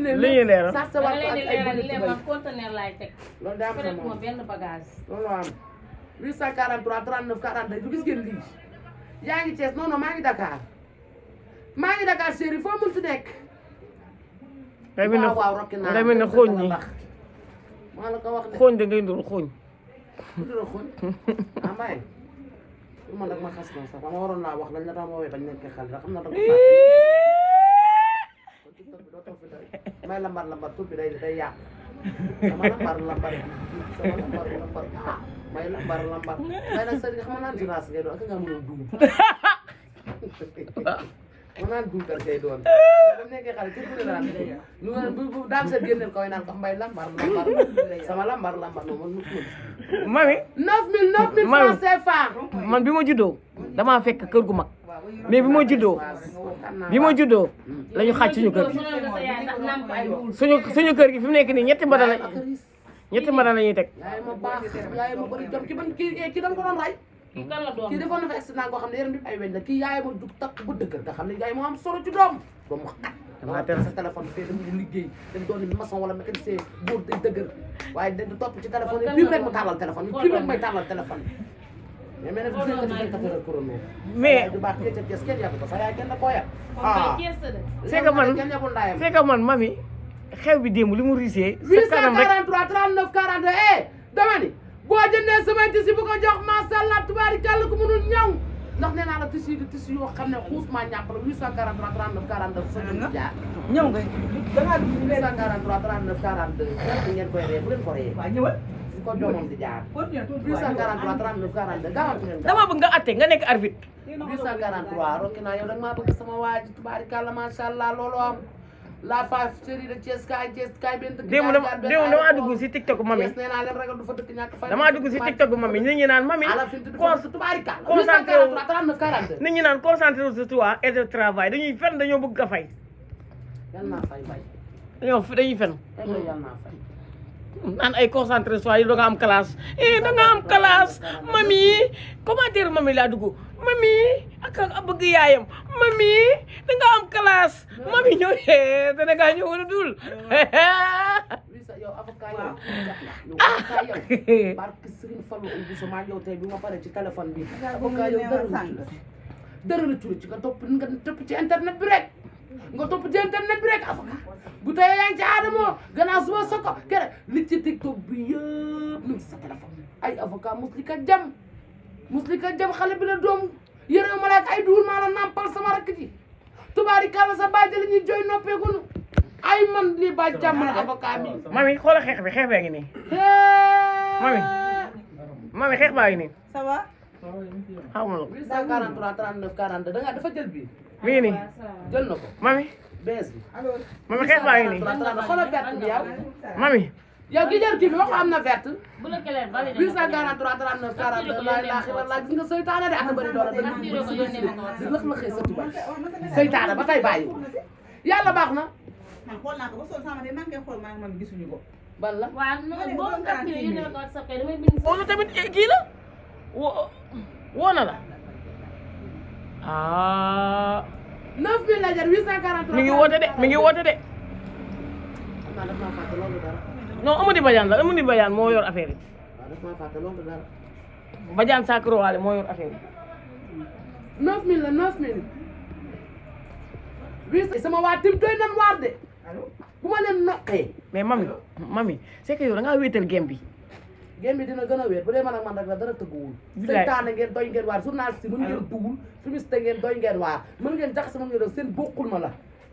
li ñuy leeral sax sa wàllu ak ay bëri tubaab yi teg. loolu daa am na moom benn bagage. loolu am 843 39 42 du gis ngeen lii yaa ngi Thiès non maa ngi Dakar maa ngi Dakar chéri foo mënti nekk. waaw waaw rokki naa mel ne xooñ ñi maa la ko wax de xooñ da xooñ. ndool xooñ ah Mbaye. man nag ma xas ma sax ma waroon naa wax lañ la daa ma woowee bañ a xale ndax am na dama tuh beda main lembar-lembar tuh beda-beda ya sama lembar-lembar sama lembar-lembar main lembar-lembar main asal di kan Mana jelas kan kayak doang nggak menunggu Unan bu kar kay doon. Dam nekk xal ci bu la ya. Lu bu kan bu dam sa gennel koy nan mbay lambar lambar. Sama lambar lambar Mami mais bi ma juddoo bi ma juddoo la ñu xaaj suñu kër gi suñu suñu kër gi fi mu nekk nii ñetti mbada la ñetti mbada la ñuy teg. kii kan la doom kii defoon na fa accident boo xam ne yaram bi ay weñ la kii yaay ma jug takk bu dëgg nga xam ne yaay moo am solo ci doom ba mu xat damaa teel sa téléphone fee dem di liggéey dem doon ni maçon wala mécanicien góor day dëgër waaye da topp ci téléphone yi bii rek mu tàllal téléphone yi bii rek may tàllal téléphone mais ah. c'est que man c'est que man mami xew bi démb li mu risee. sa kanam rek 843 39 42 eh dama ni boo jëndee sama tissu bu ko jox macha allah tubaari kàll ku munul ñaw ndax nee naa la tissu yi tissu yoo xam ne xuus maa ñàkk la 843 39 42 sa ngeen jaar. ñëw nga dangaa 843 39 42 ngeen koy ree bu leen ko ree. waaw ñëwal. ko doomam di jaar. 843 39 42 42. dama bëgg nga nga nekk arbitre. 843 Rokina sama waa ji tubaarikàlla macha la fa chérie de Thiès kaay Thiès kaay benn dëkk. dama démb si TikTok mami. Thiès nee si TikTok mami nit ñi naan mami. concentré wu nit ñi naan concentré wu sur toi et de travail dañuy fen dañoo bëgg a fay. yal naa fen. an ay concentré soit yow da nga am classe eh da nga am classe mami comment dire mami la mami ak ak bëgg yaayam mami da nga am classe mami ñoo eh da nga ñu wala dul yow avocat yow avocat yow barke Serigne Fallou Oubousso maa yow bi ma ci téléphone bi avocat yow dara la tuuti dara la nga ci internet bi rek nga top di internet bi rek afaka bu tay yañ ci adamo gëna suma soko kere li ci tiktok bi mi sa téléphone ay avocat muslika jam muslika jam xale bi la dom yërëw ya, ma la kay duul maa la nampal sama rek ji tubari kala sa bàjjë la ñuy jooy noppeekunu ay man li ba jam la avocat bi mami xol xex bi xex ba ngi ni mami mami xex ba ngi ni ça va 39 mi ngi nii ah, jël na ko mami bees bi mami xees baa ngi nii xoolal verte bi yow mami yow ki jël kii bi wax am na verte huit cent quarante trois sa neuf quarante laa gis nga seytaane de ak bëri doole di lëx lëxee sa tubaab seytaane ba tey bàyyi yàlla baax na man xool naa ko ba sol sama de man ngay xool maa ngi man gisuñu ko balla waaw boo ko tamit eh, kii la woo na la ah. 9000 la jar 843. mi ngi woote de mi ngi woote de. non Amady Badiane la Amady Badiane moo yor affaire yi. Badiane Sakro moo yor affaire yi. 9000 la 9000. wii sama waa tim doy nan waar de. bu ma leen noqee. mais mami mami c'est que yow da ngaa wéetal game bi. gém bi dina gën a wér bu dee man ak man rek la dara tëgguwul seytaane ngeen doy ngeen waar journaliste yi mën ngeen duwul fumiste ngeen doy ngeen waar mën ngeen jax sama ngeen seen bokkul ma la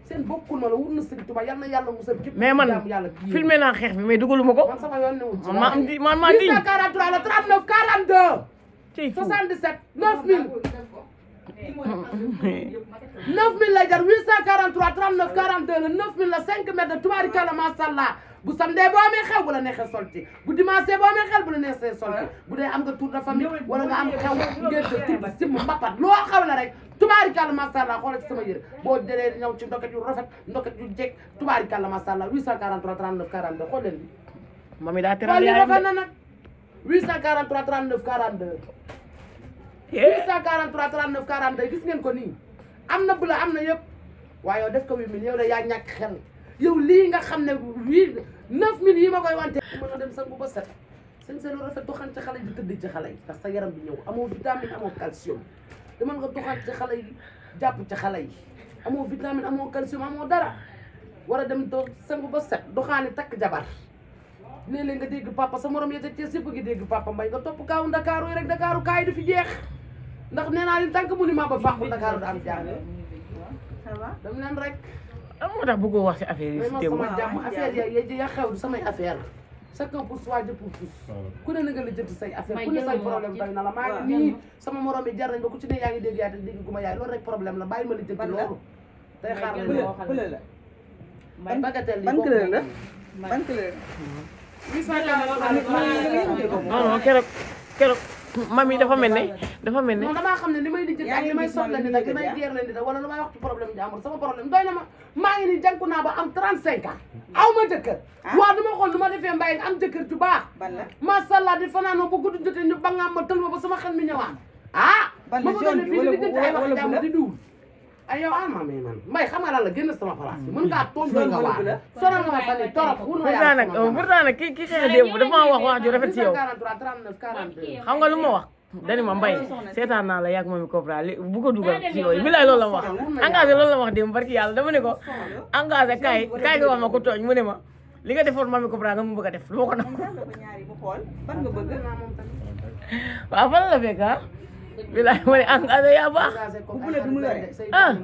seen bokkul ma la wur na sëñ Tuba yal na yàlla musal képp mais man yàlla filmé naa xeex bi mais dugaluma ko man sama yoon newul ci ma am di man ma di 43 la 39 42 77 9000 9000 lay jar 843 39 42 la 9000 la 5 mètres tubaarikàlla maasàllaa bu samedi boo amee xew bu la neexee solti bu dimanche boo amee xew bu la neexee solti bu dee am nga tour de famille nga am xew ngeen sa tibb simm mbapat loo xaw la rek tubaarikàlla masàllaa xoolal ci sama yére boo dee ñëw ci ndoket yu rafet ndoket yu jekk tubaarikàlla masàllaa 843 39 42 xool leen bi mami daa teral yaayam xool li rafet na nag 843 39 42 843 39 42 gis ngeen ko nii am na bu la am na yëpp waaye yow def ko 8 000 yow de yaa ñàkk xel yow lii nga xam ne wii neuf mille yi ma koy wante mën a dem sangu ba set seen seen rafet doxaan ci xale yi di tëdd ci xale yi ndax sa yaram bi ñëw amoo vitamine amoo calcium demal nga doxaan ci xale jàpp ci xale yi amoo vitamine amoo calcium amoo dara war a dem do sangu ba set doxaani takk jabar nee leen nga dégg papa sa morom yete Cees yëpp ngi dégg papa mbay nga topp kaawu ndakaaru yi rek ndakaaru kaa yi du fi jeex ndax nee naa leen tànk mu ni maa ba faaxu ndakaaru da am dam leen rek am moo tax bëggoo wax si affaire yi si teewul sama jàmm affaire ya xew du samay affaire chacun pour soi Dieu pour tous ah ku ne na nga la jënti say affaire ku ne say problème doy na la maa ngi nii sama morom yi jar nañ ba ku ci ne yaa ngi dégg yaa te gu ma yaay loolu rek problème la bàyyi ma la jënti loolu day xaar la la ban bagatelle la ban mami oh, dafa mel ne dafa mel ne. non damaa xam ne li may lijjanti ak li may soxla nit ak li may geer nit ak wala lu may wax problème bi sama problème doy na ma maa ngi nii jànku naa ba am 35 aw ma jëkkër. Ah. waaw dama xool nu ma defee mbay am jëkkër ju baax. macha allah di fanaanoo ba guddi jotee ñu ba nga ma tël ma ba sama xel mi ñëwaat. ah. ma bëggoon ne fii di lijjanti ay wax di duul. ay ah, yow alma may man mbay xam nga lan la génn sama place mën ngaa toog doy nga waar sonal nga ma fan yi torop wur na nag pourtant nag ki ki xëy démb dafa wax wax ju rafet ci yow 43 39 42 xam nga lu ma wax dani ma mbay seetaan naa la yàgg moom i Cobra li bu ko dugal ci yooyu bi lay loolu la wax engagé loolu la wax démb barki yàlla dama ne ko engagé kaay kaay nga wax ma ko tooñ mu ne ma li nga defoon mami Cobra nga mu bëgg a def lu ma ko nangu waaw fan la fekk ah? bilaay ma ne engagé yaa baax. ah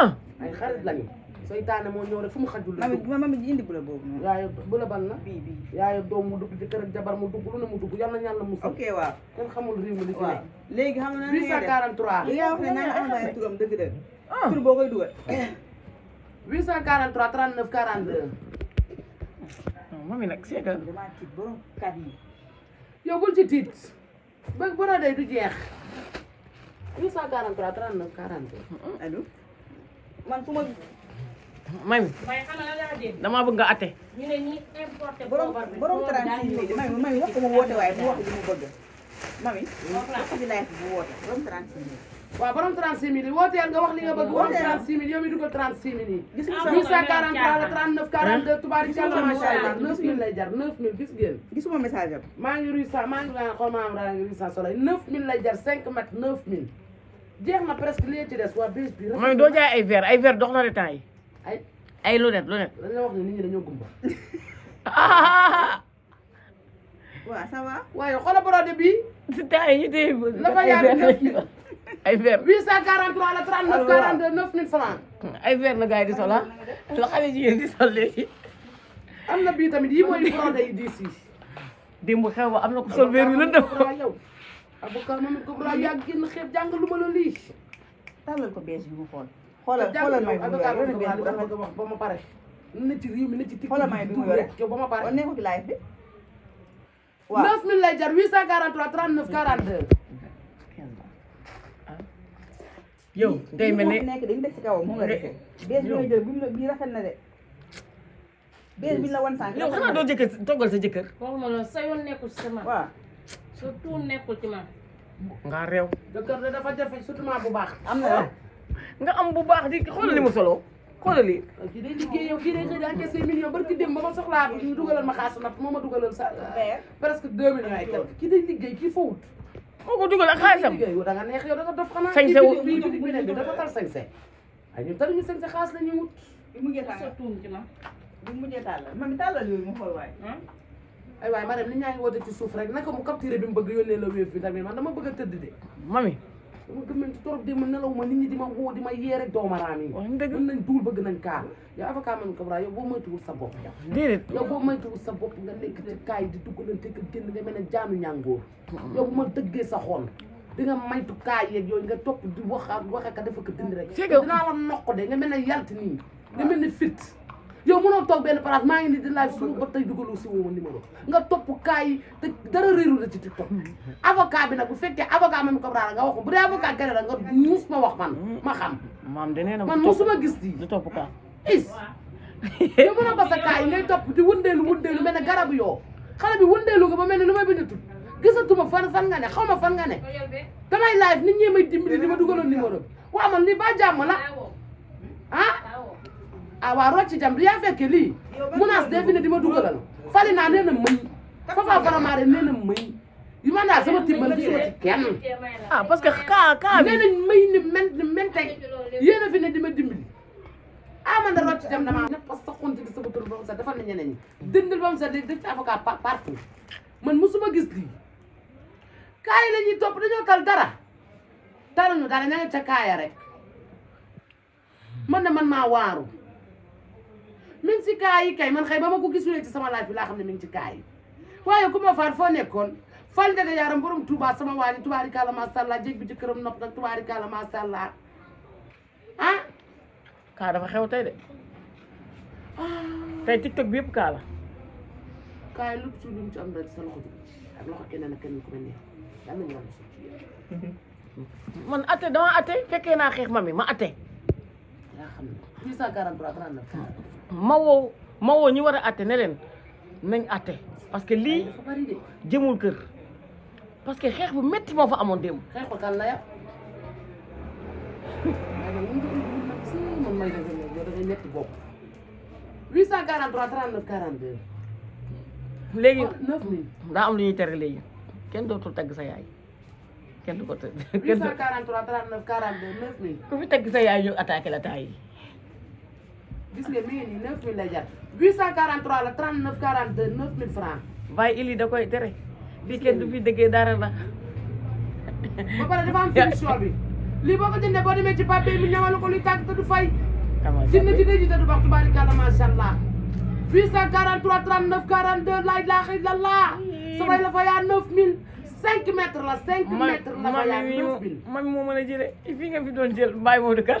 ah. ay xarit lañu. seytaane moo ñëw rek fu mu xajul la. mami mami ji indi bu la boobu noonu. yaay bu la ban na. bii bii yaay doom mu dugg jëkkër ak jabar mu dugg lu ne mu dugg yal na ñaan la mu. ok waaw kenn xamul réew mi li ci nekk. léegi xam nga nee nañ 843. li nga wax ne naa envoyé turam dëgg dëgg. tur boo koy dugal. 843 39 42. non mami nag c'est que. damaa tiit borom kat yi. yow bul ci tiit. bëgg borodé du jeex. 843 39 42. allo. man fu ma. may mi damaa bëgg nga atte. ñu ne ñi importé borom borom 36 mami mami wax ko mu woote waaye ma wax li mu bëgg. mami wax ko bi laaj bu woote waaw borom 36 mille wooteel nga wax li nga bëgg woon 36 mille yow mi dugal 36 mille yi. gis nga 843 la 39 42 tubaarikàlla macha allah 9000 lay jar 9000 gis ngeen. gisuma message am. maa ngi ruy sa maa ngi xaw ma am raa ngi ruy sa soleil 9000 lay jar 5 mat 9000. jeex na presque li ci des waa bés bi. moom doo jaay ay verre ay verre dox na de temps yi. ay ay lunette lunette. dañoo wax ne nit ñi dañoo gumba. waaw ça va. waaye xoolal borode bi. si temps yi ñu la fa yaatu ay verre 843 la 39 42 9000 francs ay verre la gars yi di sol ah la xale jigéen di sol léegi am na bii tamit yi mooy brodé yi diis yi démb xew ba am na ko sol verre yu la def yow aboucar mamadou kobra yaa génn xeeb jàng lu ma la lii tàllal ko bees bi mu xool xoolal xoolal may ba ma pare na ci réew mi na ci tiktok xoolal may bi mu ba ma pare nekkul ci live bi waaw 9000 lay jar 843 39 42 yow day mel ne nekk dañu teg si kawam moom la defee. bees bi nga jël buñ la bii rafet na de. bees bi ñu la wan sànq. yow xanaa doo jëkkër toggal sa jëkkër. waxuma loolu sa yoon nekkul ci man. waaw surtout nekkul ci man. nga réew. jëkkër da dafa jafe surtout ma bu baax. am na yow nga am bu baax di xoolal li mu solo xoolal lii. kii day liggéey yow kii day xëy di encaissé million ba ki dem ba ma soxlaa ñu dugalal ma xaalis nag moo ma dugalal sa. presque deux millions ay quelque kii day liggéey kii fawut moo ko dugal ak xaalisam. da nga neex yow da nga dof xanaa. sañse wu bi beneen tar sañse. ay ñun taluñu sañse xaalis la ñu wut. bi mujjee tàllal bi mujjee tàllal mami tàllal yooyu mu xool waay. ay waay ma dem li ñaa ngi woote ci suuf rek naka mu capturé bi mu bëgg yónnee la wéef bi tamit man dama bëgg a tëdd de mami ma gëm nañ ci torop de ma nelaw ma nit di ma woo di ma yee rek doomaraam yi mën nañ duul bëgg nañ kaar yow avocat man Kabra yow boo moytuwul sa bopp déedéet yow boo moytuwul sa bopp nga nekk ci kaay di duggalante ko génn nga mel ne jaanu ñàngoor yow bu ma dëggee sa xol di nga maytu kaay yeeg yooy nga topp di wax ak wax ak dafa ko dindi rek dinaa la noq de nga mel ne yalt nii nga mel ne fit yow mënoo toog benn place maa ngi ni di live suñu ba tey dugaloo si woo numéro nga topp kaa yi te dara réeru la ci TikTok avocat bi nag bu fekkee avocat Mamy Camara nga wax bu dee avocat gare la nga muus ma wax man ma xam maam de nee na man musuma gis di topp kaa is yow mën a basa kaa yi ngay topp di wëndeelu wëndeelu mel ne garabu yoo xale bi wëndeelu nga ba mel ne lu ma bindatul gisatuma fan fan nga ne xaw ma fan nga ne damay live nit ñi may dimbali di ma dugaloon numéro bi waaw man li ba jàmm la ah a waa rocci jam yaa fekke lii munas defini di ma dugalal fali naa nee na mëy fafa faramaare nee na mëy yi man daal sama timbal gisuma ci kenn ah parce que kaa kaa nee nañ mëy ni men a fi ne di ma dimbali ah man da rocci jam damaa neppa sa xonti di sama tur ba mu set defal na ñeneen ñi dëndal ba mu set di def ci avocat partout man musuma gis lii kaay la ñuy topp dañoo tal dara taluñu dara ña nga ca kaaya rek man na man maa waaru mi ngi ci kaa yi kay man xëy ba ma ko gisulee ci sama laaj bi laa xam ne mi ngi ci kaa waaye ku ma faar foo nekkoon fal ndeke yaaram borom sama waa ni tubaari kàlla macha allah jéeg bi ci këram nopp nag tubaari kàlla macha ah? xew tey de. Ah. tey tiktok bi lu ci lu ci am rek sa loxo bi ak loxo dama atte fekkee naa xeex ma mi ma atte. yaa xam ne 843 39. Mawo, mawo ñu wara até ne nañ até parce que li jëmul kër parce que xex bu metti à fa amoon démb. xeexul kan la yàq. 843 42. am lu des kenn dootul sa yaay kenn du 843 39 42 9000. ku fi sa yaay ñu attaquer la des gis nga mii nii 9000 lay jar 843 la 39 42 9000 francs. waaye ili da koy tere. fii kenn fi déggee dara la. ba pare dafa am finition bi. lii boo ko jëndee boo demee ci pape mi ñamal ko luy tàgg te du fay. amal jàpp dina dina ji sa du baax tubaarikàlla macha allah. 843 39 42 la ilaha illallah. sabay la fa yaa 9000. 5 mètres la 5 mètres la fa yaa 9000 moo mën a jëlee fii nga fi doon jël bàyyi moo du kan.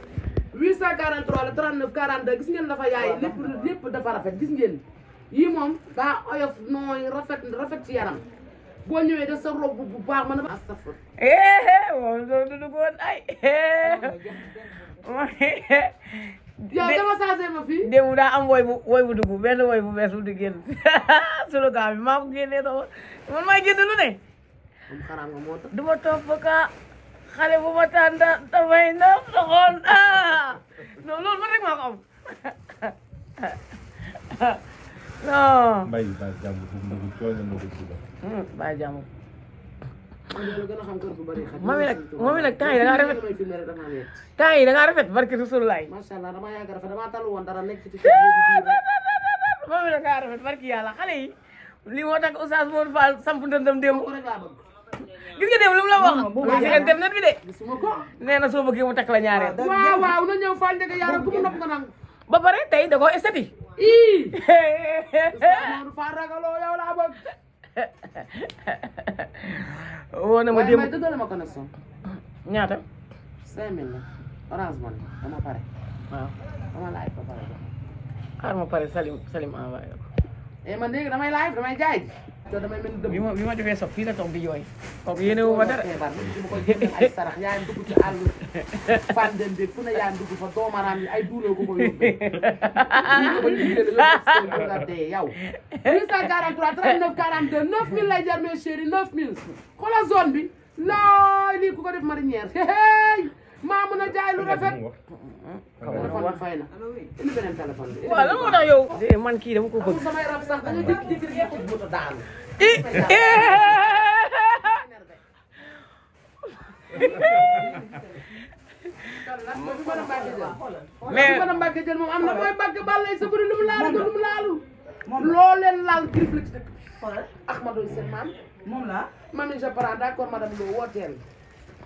843 la 39 42 gis ngeen dafa yaay lépp lépp dafa rafet gis ngeen yii moom daa oyof nooy rafet rafet ci yaram boo ñëwee def sa rob bu baax man a safar moom eh, eh, soo dudu goon ay yow eh. dama changé ma fii démb daa am woy bu woy bu dugg benn woy bu bees bu di génn solo gaa bi maa ko génnee sama man maa génn lu ne du ma topp ka xale bu ma tànn damay na soxoon ah non loolu man rek maa ko am non. mbay ba jàmm coono na ma ko ci ba jàmm. moom it nag moom it nag temps yi da ngaa rafet temps yi da ngaa rafet barke Rasulullah. macha Allah dama yàgg rafet dama talu woon dara nekk ci. moom it nag da ngaa rafet barke yàlla xale yi li moo tax Oustaz Modou Fall samp ndëndam démb. gis nga dem lu mu nee na soo bëggee mu takk la ñaareel. waaw waaw na ba pare tey da koo estati. ii. Fall ragaloo yow laa bëgg. woo na ma démb waaye dëggal ma connexion. ñaata. 5000 pare. waaw dama laaj ba pare. xaar Salim Salim envoyé eh man léegi damay live damay jaay. te damay mel ni dëgg. bi ma defee soog fii la toog di jooy. kooku yéene wu ma dara ay sarax yaa ngi dugg ci àll. fan dem de fu ne yaa ngi dugg fa doomaraam yi ay duuloo ko koy yóbbee. ko yóbbee yow. 843 39 42 9000 lay jar mes chéri 9000. xoolal zone bi looy lii ku ko def marinière hey. maa mun a jaay lu rafet. téléphone bi fay na. indi beneen téléphone bi. waaw lan moo tax yow. man kii dama ko bëgg. samay rab sax da nga jékki-jékki rek moto daanu. mais mën a mbàgg jël moom am na mooy mbàgg bàllay sa bëri lu mu laal lu mu laalul. loo leen laal griffe la ci dëkk. Ahmadou seen maam. moom laa. mami je prends d'accord madame Lo wooteel.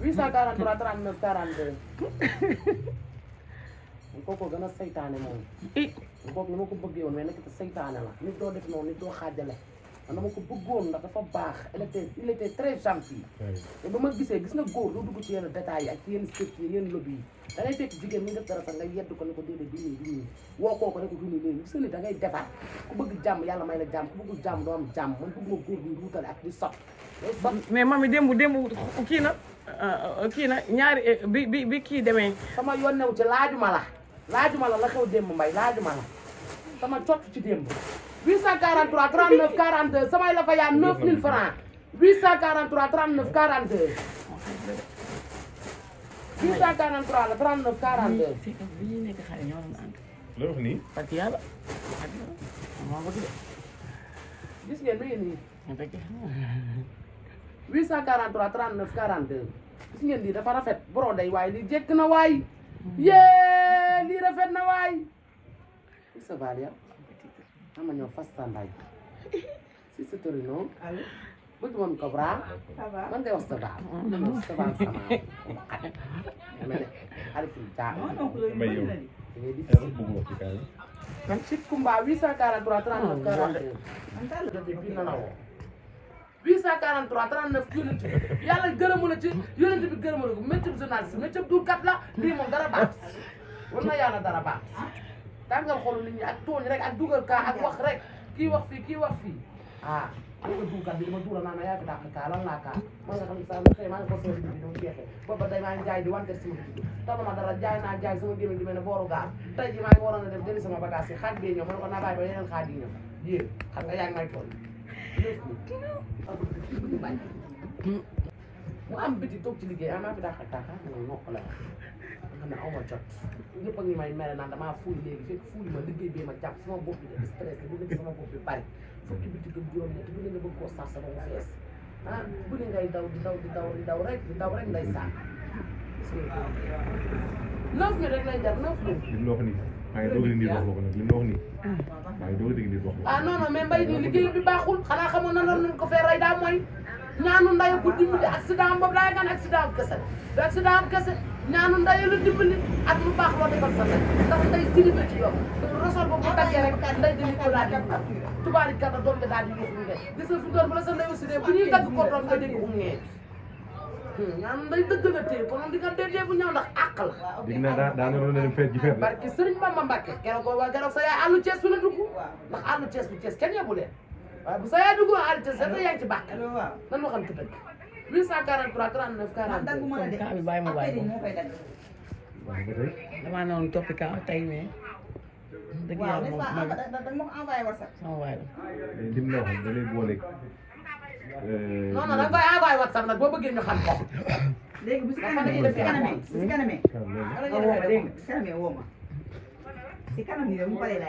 843 39 42 kooku gën a saytaane moom kooku ni ma ko bëggee woon mais nekk setan saytaane la nit doo def noonu nit doo xaajale man dama ko bëggoon ndax dafa baax il était il était très gentil te ba ma gisee gis nga góor doo dugg ci yenn détails ak ci yenn sët lobby yi da ngay fekk jigéen mi def dara sax nga yedd ko ne ko déedéet du nii du nii woo koo ko ne ko du nii nii gis nga ni da ngay defar ku bëgg jàmm yàlla may la jàmm ku bëggul jàmm doo am jàmm man bëgg ma góor bi di ak di sot mais mami démb démb kii na euh, kii na ñaari euh, bi bi kii demee. sama yoon newu ci laajuma la laajuma la la xew démb mbay laajuma la sama cot ci démb. 843 39 42 samay la fa yaa 9000 francs 843 39 42. 843 la 39 42. bi ñuy nekk xale ñoo 843 39 42 gis ngeen lii dafa rafet brodé waay lii jekk na waay yee lii rafet na waay i sa baal ya ama ñoo fastandaay si sa torino bëgg moom Cobra man ngay wax sa baal sa baal sama ma ne alifin jaa man ci kumba 843 39 42 man daal la depuis na la woo 843 39 yonent bi yàlla gërëmu la ci yonent bi gërëmu me ko métier journaliste métier du kat la lii moom dara baax war na yàlla dara baax tàngal xolu nit ñi ak tooñ rek ak dugal kaa ak wax rek kii wax fii kii wax fii ah am nga duukat bi dama duula naa ma yaa fi dàq kaa lan laa kaa man ko soog bi dama jeexee booba day jaay di wante sama dugub tamama dara jaay naa jaay sama gémé gi mel ne booru gaal tey ji maa ngi waroon a dem jëli sama bagage yi xaaj bee ñëw ma ko naa bàyyi ba yeneen xaaj yi ñëw yéen xam nga yaa ngi mu am biti toog ci liggéey amaa ah, fi daaxal taaxal moom nokk la nga xam ne aw ma jot ñëpp a ngi may mere naan damaa fuuy léegi fekk fuuy ma liggéey bee ma jàpp sama bopp bi dafa stress bu nekk sama bopp bi bari fukki biti gën juróom ñett bu ne nga bëgg koo sax sama mu fees ah bu ne ngay daw di daw di daw di daw rek di daw rek nday saan noof mi rek lay jar noof mi maa ngi doog a nit wax ma ko nag li ma wax nii. maa ngi doog a nit wax ma ko. ah non non mais mbay mi liggéey bi baaxul xanaa xamoon na loolu nañ ko fee rey daa mooy ñaanu ndayo bu dimbali accident boobu daa ngaan accident am kese la accident am kese ñaanu ndayo la dimbali ak lu baax loo defal sa ndax nday siribe ci yow resol boobu bu daggee rek nday dindi ko daal di tubaari gàdda doom bi daal di yuuxu ngeen gis nga fi doon bu la sa ndayo si dee bu ñuy dagg ko doom nga dégg xum ngeen ñaan hmm, day dëgg la téye konoon di nga déedéet bu ñëw ndax àq la. dig na daa daa doon leen feet ji feet la. barki sëriñ Bamba Mbàkke keroog boo waa keroog sa yaay àllu Cees su la dugg. ndax àllu Cees bu Cees kenn yebu leen. waaw bu sa yaay dugg waa àllu Cees sa yaa ngi ci bàq. waaw nan waxam ci dëgg. 843 39 40. kon kaa bi bàyyi ma bàyyi ko. damaa ne woon toppi kaa tey mais. dëgg yàlla moom ma. waaw da nga ma ko envoyé WhatsApp. envoyé la. lim la waxoon da lay boole. non non da nga koy envoyé whatsapp nag boo bëggee ñu xam ko. léegi bu si kanamee bu si kanamee bu si kanamee. woo si kanamee woo ma